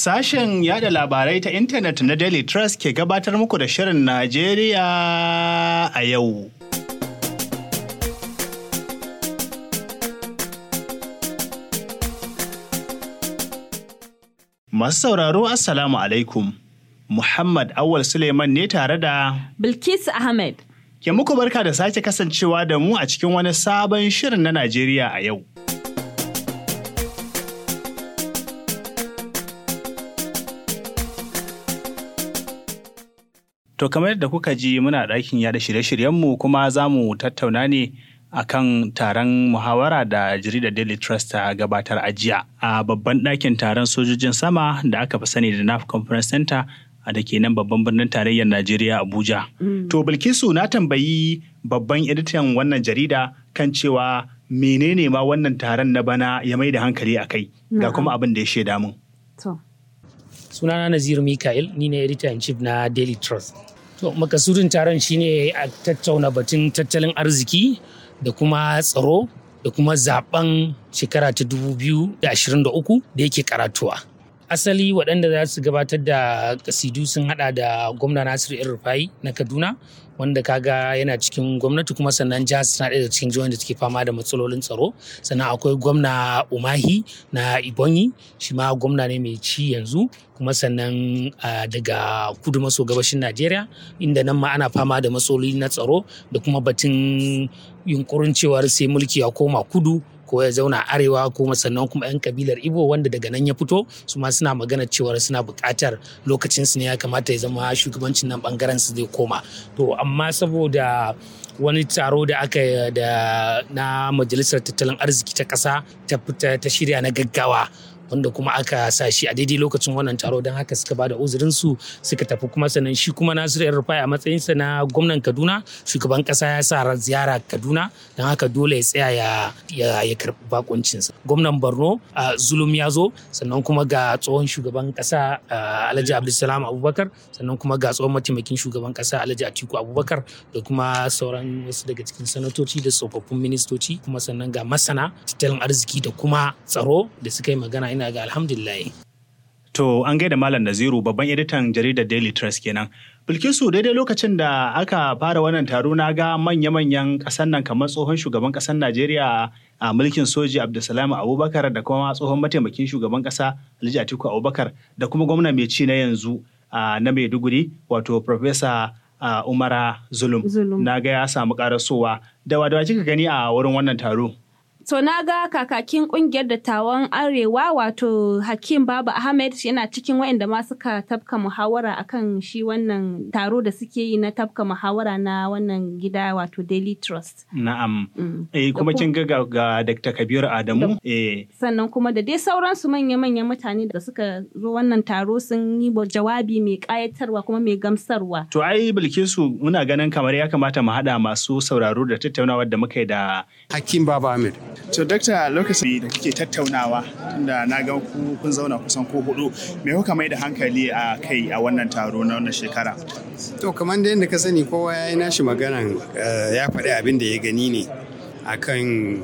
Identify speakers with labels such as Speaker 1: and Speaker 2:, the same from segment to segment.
Speaker 1: Sashen yada labarai ta intanet na Daily Trust ke gabatar muku da Shirin Najeriya a yau. Masu sauraro Assalamu alaikum. Muhammad Awal Suleiman ne tare da bilkis Ahmed. Ke muku barka da sake kasancewa da mu a cikin wani sabon shirin na Najeriya a yau. To kamar yadda kuka ji muna ɗakin yada shirye-shiryenmu kuma za mu tattauna ne a kan taron muhawara da jaridar Daily Trust ta gabatar ajiya. a babban ɗakin taron sojojin sama da aka fi sani da NAF Conference Center a da ke nan babban birnin tarayyar Najeriya Abuja. Mm. To Bilkisu na tambayi babban editan wannan jarida kan cewa menene ma wannan taron na bana ya mai da hankali a kai ga kuma abin da ya shaida mun.
Speaker 2: Sunana Naziru Mikael, ni ne editor in chief na Daily Trust. To makasudin taron shine a tattauna batun tattalin arziki da kuma tsaro da kuma zaben shekara ta 2023 da yake karatuwa. Asali waɗanda za su gabatar da kasidu sun haɗa da gwamna Nasiru El na Kaduna wanda kaga yana cikin gwamnati kuma sannan jihar suna ɗaya da cikin jihohin da take fama da matsalolin tsaro sannan akwai gwamna umahi na ibonyi shi ma gwamna ne mai ci yanzu kuma sannan daga kudu maso gabashin najeriya inda nan ma ana fama da matsaloli na tsaro da kuma batun yunkurin cewar sai mulki ya koma kudu ko ya zauna arewa ko sannan kuma 'yan kabilar ibo wanda daga nan ya fito su ma suna magana cewar suna bukatar lokacin su ne ya kamata ya zama shugabancin nan bangaren su zai koma to amma saboda wani taro da aka da na majalisar tattalin arziki ta ƙasa ta shirya na gaggawa wanda kuma aka sa shi a daidai lokacin wannan taro don haka suka bada uzurin su suka tafi kuma sanan shi kuma Nasiru yan Rufai a matsayin sa na gwamnan Kaduna shugaban kasa ya sa ziyara Kaduna don haka dole ya tsaya ya ya, ya karbi bakuncin sa gwamnan Borno Zulum ya zo sannan kuma ga tsohon shugaban kasa Alhaji Abdulsalam Abubakar sannan kuma ga tsohon mataimakin shugaban kasa Alhaji Atiku Abubakar da kuma sauran wasu daga cikin sanatoci da tsofaffin ministoci kuma sannan ga masana tattalin arziki da kuma tsaro da suka yi magana
Speaker 1: ina ga alhamdulillah. To an gaida Malam Naziru babban editan jaridar Daily Trust kenan. Bilkisu daidai lokacin da aka fara wannan taro na ga manya-manyan ƙasar nan kamar tsohon shugaban ƙasar Najeriya a mulkin soji Abdulsalam Abubakar da kuma tsohon mataimakin shugaban ƙasa Alhaji Atiku Abubakar da kuma gwamna mai ci na yanzu na Maiduguri wato Professor Umara Zulum. Na ga ya samu ƙarasowa. Da wadawa kika gani a wurin wannan taro?
Speaker 3: So na ga kakakin kungiyar dattawan Arewa wato Hakim Baba Ahmed yana cikin wa'inda ma suka tafka muhawara akan shi wannan taro da suke yi na tafka muhawara na wannan gida wato Daily Trust.
Speaker 1: Na'am. Mm. Eh kuma kin ga ga Dr. Kabiru Adamu. Eh.
Speaker 3: Sannan kuma da dai sauransu manya-manyan mutane da suka zo wannan taro sun yi jawabi mai ƙayatarwa kuma mai gamsarwa.
Speaker 1: To ai Bilkisu muna ganin kamar ya kamata mu haɗa masu sauraro da tattaunawar da muka yi da Hakim Baba Ahmed. To dakta lokacin da kike tattaunawa tunda na ga ku kun zauna kusan ko hudu me kuka mai da hankali a kai a wannan taro na wannan shekara?
Speaker 4: To kamar da yadda ka sani kowa ya yi nashi maganan eh, ya faɗi abin da ya gani ne akan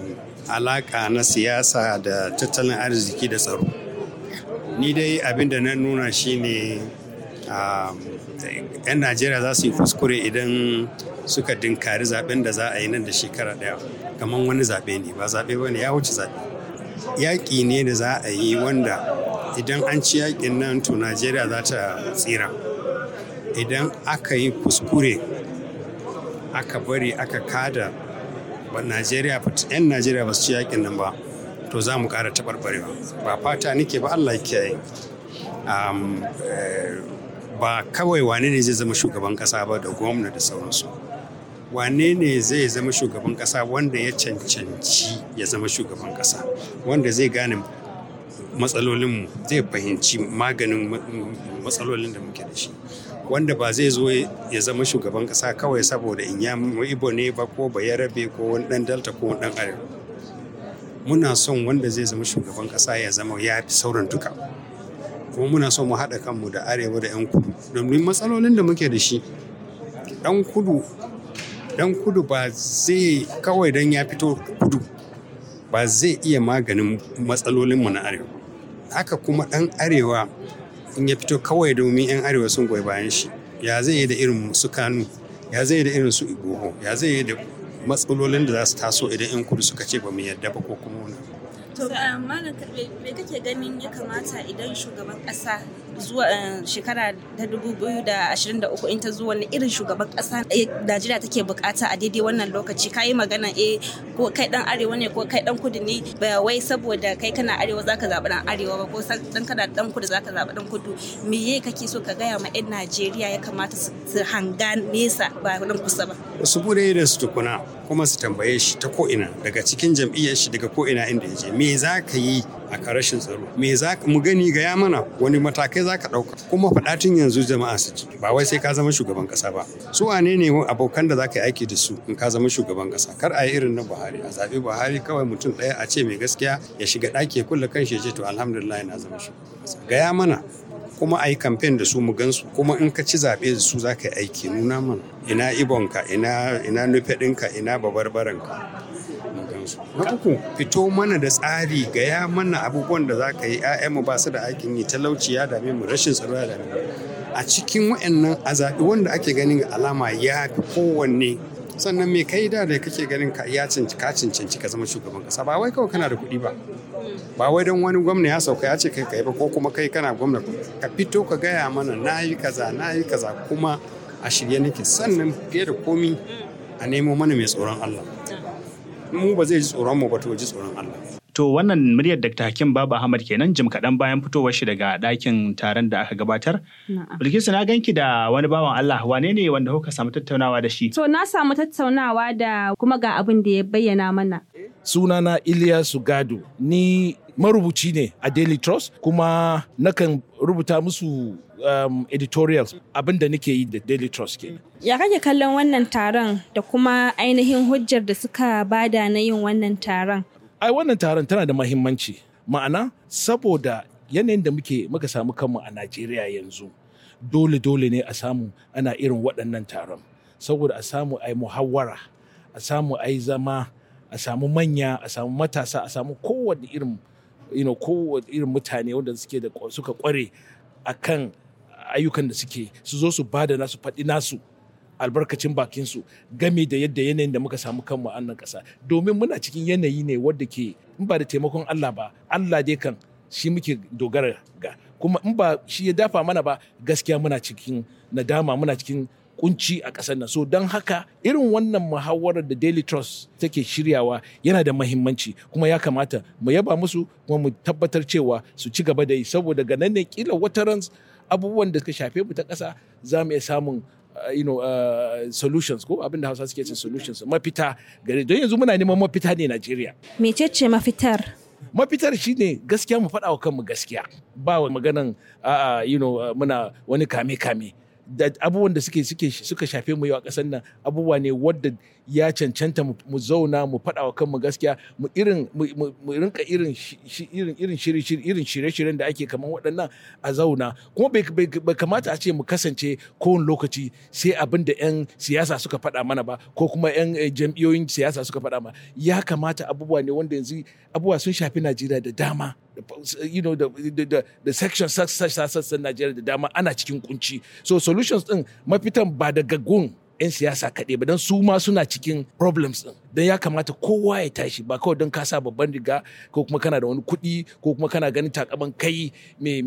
Speaker 4: alaka na siyasa da tattalin arziki da tsaro. Ni dai abin da na nuna shi ne 'yan um, Najeriya za su yi kuskure idan suka dinkari zaben da za a yi nan da shekara ɗaya. kamar wani zaɓe ne ba zaɓe ba ne ya wuce zaɓe yaƙi ne da za a yi wanda idan an ci yaƙin nan to najeriya za ta tsira idan aka yi kuskure aka bari aka kada ba najeriya 'yan najeriya ba su ci yaƙin nan ba to za mu ƙara taɓarɓarewa ba fata nake ba allah ke. Eh, ba kawai wane ne zai zama shugaban ƙasa ba da gwamna da sauransu wane ne zai zama shugaban kasa wanda ya cancanci ya zama shugaban kasa wanda zai gane matsalolinmu zai fahimci maganin matsalolin da muke da shi wanda ba zai zo ya zama shugaban kasa kawai saboda in ya ibo ne ba ko ba yarabe ko wani ɗan delta ko wani ɗan muna son wanda zai zama shugaban kasa ya zama ya fi sauran duka kuma muna son mu haɗa kanmu da arewa da 'yan kudu domin matsalolin da muke da shi ɗan kudu dan kudu ba zai kawai dan ya fito kudu ba zai iya maganin matsalolinmu na arewa haka kuma dan arewa in ya fito kawai domin 'yan arewa sun goyi bayan shi ya zai yi da irin su kanu ya zai yi da irin su Igbo? ya zai yi da matsalolin da za su taso idan 'yan kudu suka ce ba mu yarda ba ko kuma wani.
Speaker 3: to malam me kake ganin ya kamata idan shugaban kasa zuwa eh, shekara ta 2023 in ta zo wani irin shugaban kasa eh, Najeriya take bukata a daidai wannan lokaci kayi magana eh ko kai dan arewa ne ko kai dan kudu ne ba wai saboda kai kana arewa zaka zaɓi dan arewa ba ko dan kana dan kudu zaka zaɓi dan kudu me ye kake so ka gaya ma yan Najeriya ya kamata su hanga nesa ba nan kusa ba
Speaker 4: su bude da su tukuna kuma su tambaye shi ta ko ina daga cikin jam'iyyar shi daga ko inda ya je me za ka yi a rashin tsaro me za mu gani gaya mana wani matakai za ka ɗauka kuma faɗa yanzu jama'a su ji ba wai sai ka zama shugaban ƙasa ba su wane ne abokan da za ka yi aiki da su in ka zama shugaban ƙasa kar a yi irin na buhari a zaɓi buhari kawai mutum ɗaya a ce mai gaskiya ya shiga ɗaki ya kulle kan shi ya ce to alhamdulillah na zama shugaban ƙasa gaya mana kuma a yi kamfen da su mu gansu kuma in ka ci zaɓe da su za ka yi aiki nuna mana ina ibonka ina ina nufe ɗinka ina babarbaranka su. na uku fito mana da tsari gaya mana abubuwan da za ka yi 'ya'yanmu ba su da aikin yi talauci ya dame mu rashin tsaro ya dame mu a cikin wa'annan a zaɓi wanda ake ganin alama ya fi kowanne sannan me kai da da kake ganin ka ya ka cancanci ka zama shugaban kasa ba wai kawai kana da kuɗi ba ba wai don wani gwamna ya sauka ya ce kai kai ba ko kuma kai kana gwamna ka fito ka gaya mana na yi kaza na yi kaza kuma a shirye nake sannan fiye da komi a nemo mana mai tsoron Allah mu ba zai ji tsoron mu ba to ji tsoron Allah
Speaker 1: to wannan muryar Dr. Hakim Baba Ahmad kenan jim kaɗan bayan fitowar shi daga ɗakin taron da aka gabatar. Bilkisu na ganki da wani bawan Allah wane ne wanda kuka samu tattaunawa da shi? To
Speaker 3: na samu tattaunawa da kuma ga abin da ya bayyana mana.
Speaker 5: Sunana Iliya Sugado, ni marubuci ne a Daily Trust kuma nakan rubuta musu um, editorials abin da nake yi da daily trust ke
Speaker 3: ya kake kallon wannan taron da kuma ainihin hujjar da suka bada na yin wannan taron
Speaker 5: ai wannan taron tana da mahimmanci ma'ana saboda yanayin da muke muka samu kanmu a najeriya yanzu dole dole ne a samu ana irin waɗannan taron saboda a samu ai muhawara a samu ai zama a samu manya a samu matasa a samu kowane irin you know, irin mutane wanda suke da suka kware akan ayyukan da suke su zo su ba da nasu faɗi nasu albarkacin bakinsu game da yadda yanayin da muka samu kanmu a nan ƙasa domin muna cikin yanayi ne wadda ke in ba da taimakon Allah ba Allah dai kan shi muke dogara ga kuma in ba shi ya dafa mana ba gaskiya muna cikin nadama muna cikin kunci a ƙasar nan so don haka irin wannan muhawarar da daily trust take shiryawa yana da mahimmanci kuma ya kamata mu yaba musu kuma mu tabbatar cewa su ci gaba da yi saboda ganin ne kila wata ran abubuwan da suka shafe mu ta ƙasa za mu iya samun uh, you know, uh, solutions ko abin da hausa suke ce solutions mafita gare don yanzu muna neman mafita ne Najeriya. Mecece mafitar? mafitar shine gaskiya mu faɗa wa kanmu gaskiya ba wa maganan you know, uh, muna wani kame-kame da abubuwan da suke suka shafe mu yau a ƙasar nan abubuwa ne wadda ya cancanta mu zauna mu faɗa wa kanmu gaskiya mu irin mu rinka irin irin irin shirye-shiryen da ake kamar waɗannan a zauna kuma bai kamata a ce mu kasance kowane lokaci sai abin da 'yan siyasa suka faɗa mana ba ko kuma 'yan eh, jam'iyoyin siyasa suka faɗa mana ya kamata abubuwa ne wanda yanzu abubuwa sun shafi najeriya da dama you know the the the, the section sassan Najeriya da dama ana cikin kunci so solutions din mafitan ba daga gun 'yan siyasa kaɗai ba don su ma suna cikin problems ɗin don ya kamata kowa ya tashi ba kawai don kasa babban riga ko kuma kana da wani kuɗi ko kuma kana ganin takaban kai mai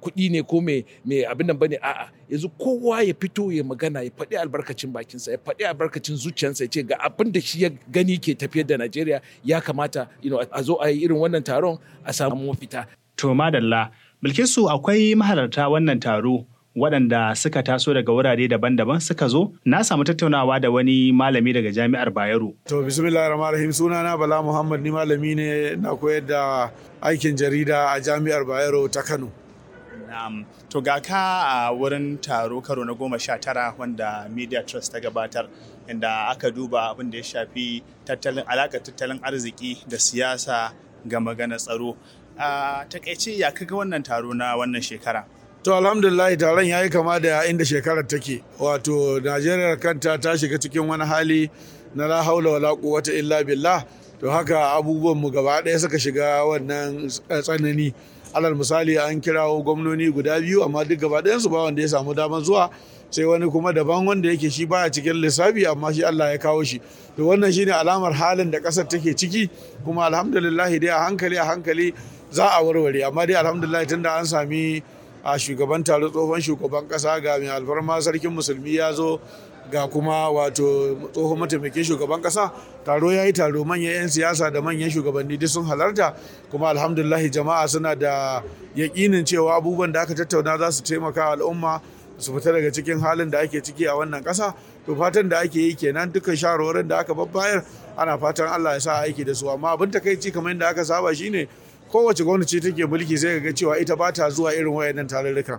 Speaker 5: kuɗi ne ko mai abin nan bane a'a yanzu kowa ya fito ya magana ya faɗi albarkacin bakinsa ya faɗi albarkacin zuciyarsa ya ce ga abin da shi ya gani ke tafiyar da Najeriya ya kamata a zo a yi irin wannan taron a samu mafita. To
Speaker 1: madalla, Bilkisu akwai mahalarta wannan taro waɗanda suka taso daga wurare daban-daban suka zo na samu tattaunawa da wani malami daga jami'ar bayero
Speaker 6: to bismillahirrahmanirrahim sunana bala muhammad ni malami ne na koyar da aikin jarida a jami'ar bayero ta kano
Speaker 1: na'am to ga ka a wurin taro karo na goma sha tara wanda media trust ta gabatar inda aka duba abin da ya shafi tattalin alaƙar tattalin arziki da siyasa ga magana tsaro a takaice ya
Speaker 6: kaga wannan taro na wannan shekara to alhamdulillah taron ya yi kama da inda shekarar take wato najeriya kanta ta shiga cikin wani hali na la haula wala quwwata illa billah to haka abubuwan mu gaba ɗaya suka shiga wannan tsanani alal misali an kirawo gwamnoni guda biyu amma duk gaba ɗayan su ba wanda ya samu damar zuwa sai wani kuma daban wanda yake shi baya cikin lissafi amma shi Allah ya kawo shi to wannan shine alamar halin da ƙasar take ciki kuma alhamdulillah dai a hankali a hankali za a warware amma dai alhamdulillah tunda an sami a shugaban taro tsohon shugaban kasa ga mai alfarma sarkin musulmi ya zo ga kuma wato tsohon mataimakin shugaban kasa taro ya yi taro manyan 'yan siyasa da manyan shugabanni duk sun halarta kuma alhamdulahi jama'a suna da yakinin cewa abubuwan da aka tattauna za su taimaka al'umma su fita daga cikin halin da ake ciki a wannan kasa to fatan da ake yi kenan dukkan shawarwarin da aka babbayar ana fatan allah ya sa aiki da su amma abin takaici kamar yadda aka saba shine kowace gwamnati take mulki sai ga cewa ita ba ta zuwa irin wayannan tarurrukan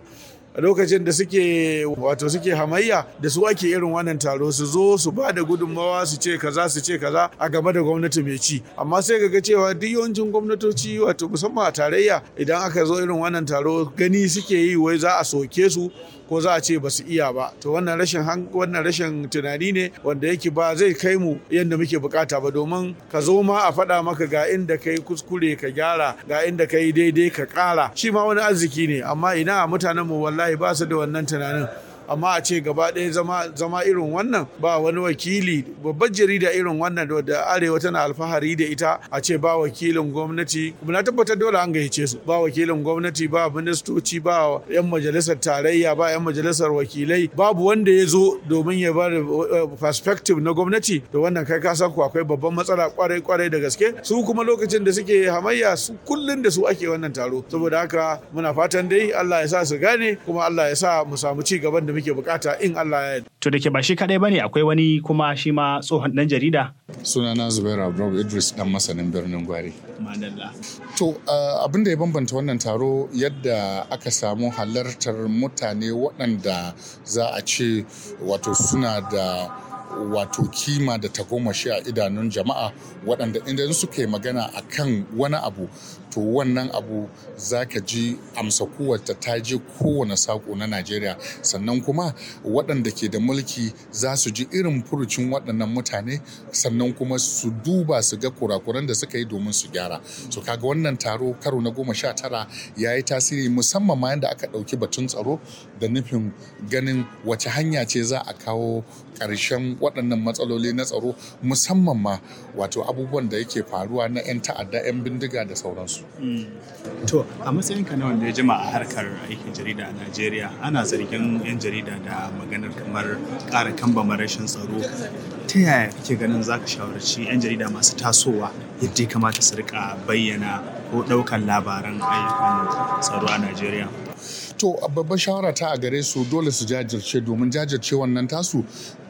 Speaker 6: a lokacin da suke wato suke hamayya da su ake irin wannan taro su zo su ba da gudunmawa su ce kaza su ce kaza a game da gwamnati mai ci amma sai ga cewa duk yawancin gwamnatoci wato musamman a tarayya idan aka zo irin wannan taro gani suke yi wai za a soke su ko za a ce ba su iya ba to wannan rashin wannan rashin tunani ne wanda yake ba zai kai mu yadda muke bukata ba domin ka zo ma a faɗa maka ga inda kai kuskure ka gyara ga inda kai daidai ka ƙara shi ma wani arziki ne amma ina mutanen mu wallahi ba su da wannan tunanin amma a ce gaba ɗaya zama zama irin wannan ba wani wakili babbar jarida irin wannan da arewa tana alfahari da ita a ce ba wakilin gwamnati kuma na tabbatar dole an gayyace su ba wakilin gwamnati ba ministoci ba yan majalisar tarayya ba yan majalisar wakilai babu wanda ya zo domin ya ba da eh, perspective na gwamnati da wannan kai ka san ku akwai babban matsala kwarai kwarai da gaske su kuma lokacin da suke hamayya su kullun da su ake wannan taro saboda haka muna fatan dai Allah ya sa su gane kuma Allah ya sa mu samu ci gaban da muke bukata in Allah ya
Speaker 7: To da ke ba shi kadai bane akwai wani kuma shi ma tsohon dan jarida. Sunana Zubairu Abdul Idris dan masanin birnin Gwari. To eh, abin da ya bambanta wannan taro yadda aka samu halartar mutane waɗanda za a ce wato suna da wato kima da tagomashi a idanun jama'a waɗanda idan suka yi magana a kan wani abu to wannan abu za ka ji amsa kowace ta je kowane sako na najeriya sannan kuma waɗanda ke da mulki za su ji irin furucin waɗannan mutane sannan kuma su duba su ga kurakuran da suka yi domin su gyara so kaga wannan taro karo na goma sha tara ya yi tasiri musamman ma yadda aka ɗauki batun tsaro da nufin ganin wace hanya ce za a kawo ƙarshen waɗannan matsaloli na tsaro musamman ma wato abubuwan da yake faruwa na 'yan ta'adda 'yan bindiga da sauransu.
Speaker 1: Mm. To a matsayin na wanda ya jima a harkar aikin jarida a Najeriya ana zargin 'yan jarida da maganar kamar ƙara kambama rashin tsaro ta yaya kake ganin za ka shawarci 'yan jarida masu tasowa yadda ya kamata su rika bayyana ko ɗaukan labaran ayyukan
Speaker 7: tsaro a Najeriya? to babban shawara ta a gare su dole su jajirce domin jajirce wannan tasu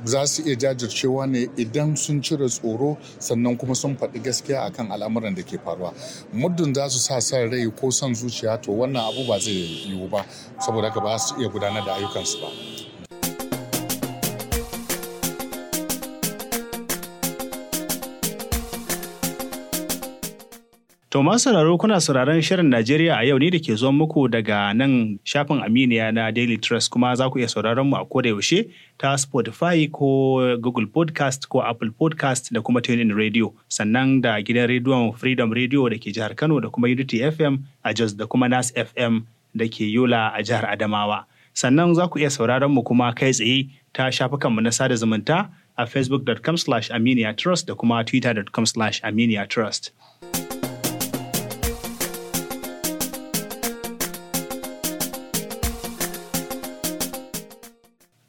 Speaker 7: za su iya jajircewa ne idan sun cire tsoro sannan kuma sun faɗi gaskiya akan al'amuran da ke faruwa muddin za su sa san rai ko son zuciya to wannan abu ba zai yiwu ba saboda ka ba su iya gudanar da ayyukansu ba
Speaker 1: To masu sauraro kuna sauraron shirin Najeriya a yau ne da ke zuwa muku daga nan shafin Aminiya na Daily Trust kuma za ku iya sauraron mu a koda yaushe ta Spotify ko Google Podcast ko Apple Podcast da kuma TuneIn Radio sannan da gidan rediyon Freedom Radio da ke jihar Kano da kuma Unity FM a Jos da kuma Nas FM da ke Yola a jihar Adamawa. Sannan za ku iya sauraron mu kuma kai tsaye ta mu na sada zumunta a facebook.com/aminiya trust da kuma twitter.com/aminiya trust.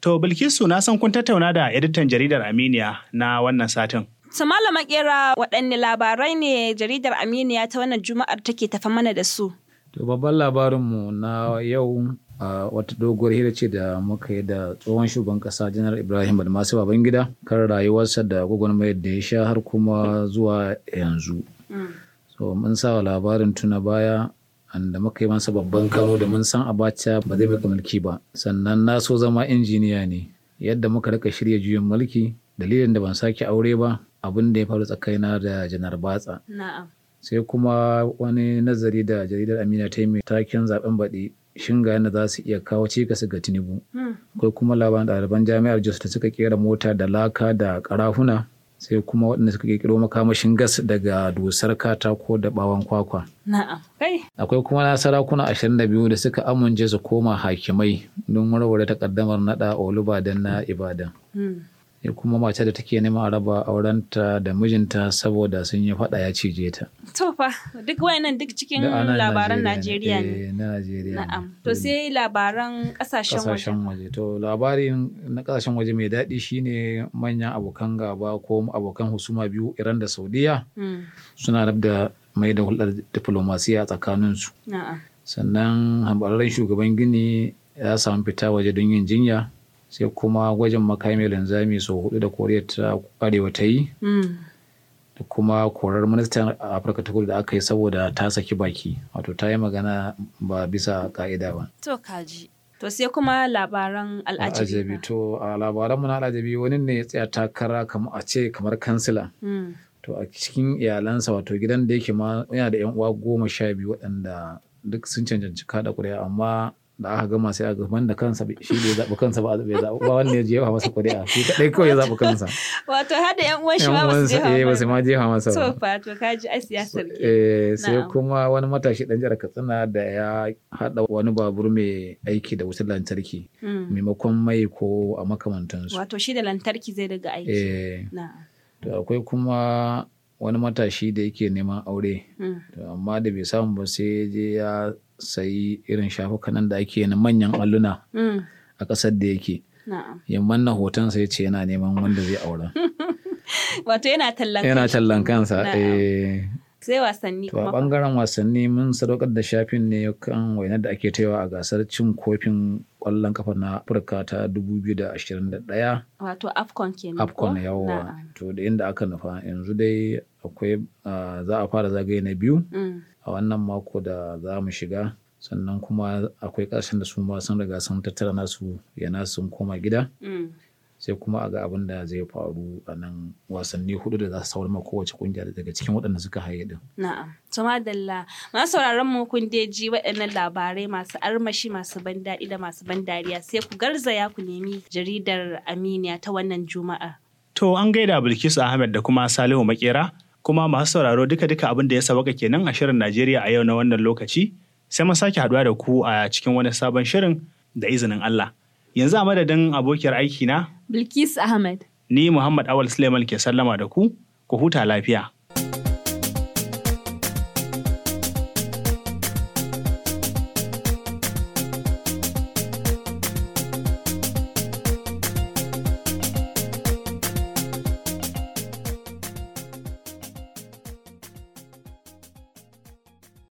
Speaker 1: To Bilkisu na san kun tattauna da editan jaridar Aminiya na wannan satin.
Speaker 3: Su Malama Kera waɗanne labarai ne jaridar Aminiya ta wannan Juma'ar take tafa mana da su?
Speaker 8: To babban labarinmu na yau a wata doguwar hira ce da muka yi da tsohon shugaban ƙasa janar ibrahim balmasu babangida kan rayuwarsa da gwagwarmayar da ya sha har kuma zuwa yanzu mm. so mun sa labarin tuna baya da muka yi masa babban kano da mun san abacha ba zai baka mulki ba sannan na so zama injiniya ne yadda muka rika shirya juyin mulki dalilin da ban sake aure ba abin da ya faru tsakaina da janar batsa sai kuma wani nazari da jaridar amina ta yi mai takin zaben baɗi shinga yadda za su iya kawo cikas ga tinubu hmm. akwai kuma labaran ɗaliban jami'ar jos da suka kera mota da laka da karafuna sai kuma waɗanda suka ƙirƙiro makamashin gas daga dusar katako da ɓawon kwakwa. Akwai kuma na sarakuna ashirin da biyu da suka amince su koma hakimai don warware takaddamar naɗa Olubadan na Ibadan. Hmm. kuma mace da take neman raba aurenta da mijinta saboda sun yi faɗa ya cije ta.
Speaker 3: To fa duk wayannan duk cikin labaran Najeriya ne.
Speaker 8: Eh, na Najeriya.
Speaker 3: Na'am. To sai mm. labaran kasashen waje.
Speaker 8: Kasashen waje. To labarin na kasashen waje mai daɗi shine manyan abokan gaba ko abokan husuma biyu Iran da Saudiya. Mm. Suna rabda mai da hulɗar diplomasiya tsakaninsu. Na'am. Sannan hambararren shugaban Gini ya samu fita waje don yin jinya. sai kuma gwajin makami linzami sau hudu da koriya ta arewa ta yi mm. da kuma korar ministan afirka ta kudu da aka yi saboda ta saki baki wato ta yi magana ba bisa ka'ida ba
Speaker 3: to kaji to sai kuma labaran al'ajabi
Speaker 8: to a labaran mu na al'ajabi wani ne ya tsaya takara kamar a ce kamar kansila mm. to a cikin iyalansa wato gidan da yake ma yana da yan uwa goma sha biyu waɗanda duk sun cancanci kada kuri'a amma da aka gama sai a gaban da kansa shi bai zaɓi kansa ba bai zaɓi ba wanda ya jefa masa kuri'a shi kaɗai kawai ya zaɓi kansa
Speaker 3: wato har da yan uwan shi ma ba su jefa masa eh, ba
Speaker 8: su ma jefa masa
Speaker 3: ba to to ka ji siyasar
Speaker 8: ke eh, sai kuma wani matashi ɗan jihar Katsina da ya haɗa wani babur mai aiki da wutar lantarki hmm. maimakon mai ko a makamantansu
Speaker 3: wato shi da lantarki zai daga aiki eh
Speaker 8: to akwai kuma wani matashi da yake neman aure hmm. amma da bai samu ba sai je ya sai irin shafukan nan da ake na manyan alluna mm. a ƙasar da yake. Yamman na hoton sai ce yana neman wanda zai aura.
Speaker 3: Wato yana tallan Yana
Speaker 8: tallan kansa. Eh.
Speaker 3: Sai wasanni kuma. To a
Speaker 8: ɓangaren wasanni mun sadaukar da shafin ne kan wainar da ake taiwa a gasar cin kofin ƙwallon kafa na Afirka ta 2021.
Speaker 3: Wato AFCON kenan. AFCON yawa.
Speaker 8: To da inda aka nufa yanzu dai akwai ah, za a fara zagaye na biyu. Mm. A wannan mako da za mu shiga. sannan kuma akwai ƙarshen da su ma sun riga sun tattara nasu yana sun koma gida mm. sai kuma a ga abin da zai faru a nan wasanni hudu da za su saurama kowace kungiya daga cikin waɗanda suka haye din.
Speaker 3: Na'am. To dalla masu sauraron mu kun ji waɗannan labarai masu armashi masu ban daɗi da masu ban dariya sai ku garzaya ku nemi jaridar Aminiya ta wannan Juma'a.
Speaker 1: To an gaida Bilkisu Ahmed da kuma Salihu Makera kuma masu sauraro duka-duka abin da ya sabaka kenan a shirin Najeriya a yau na wannan lokaci. sai mun sake haɗuwa da ku a cikin wani sabon shirin da izinin Allah. Yanzu a madadin abokiyar aiki na
Speaker 3: Bilkisu Ahmed.
Speaker 1: Ni Muhammad Awal Suleiman ke sallama da ku, ku huta lafiya.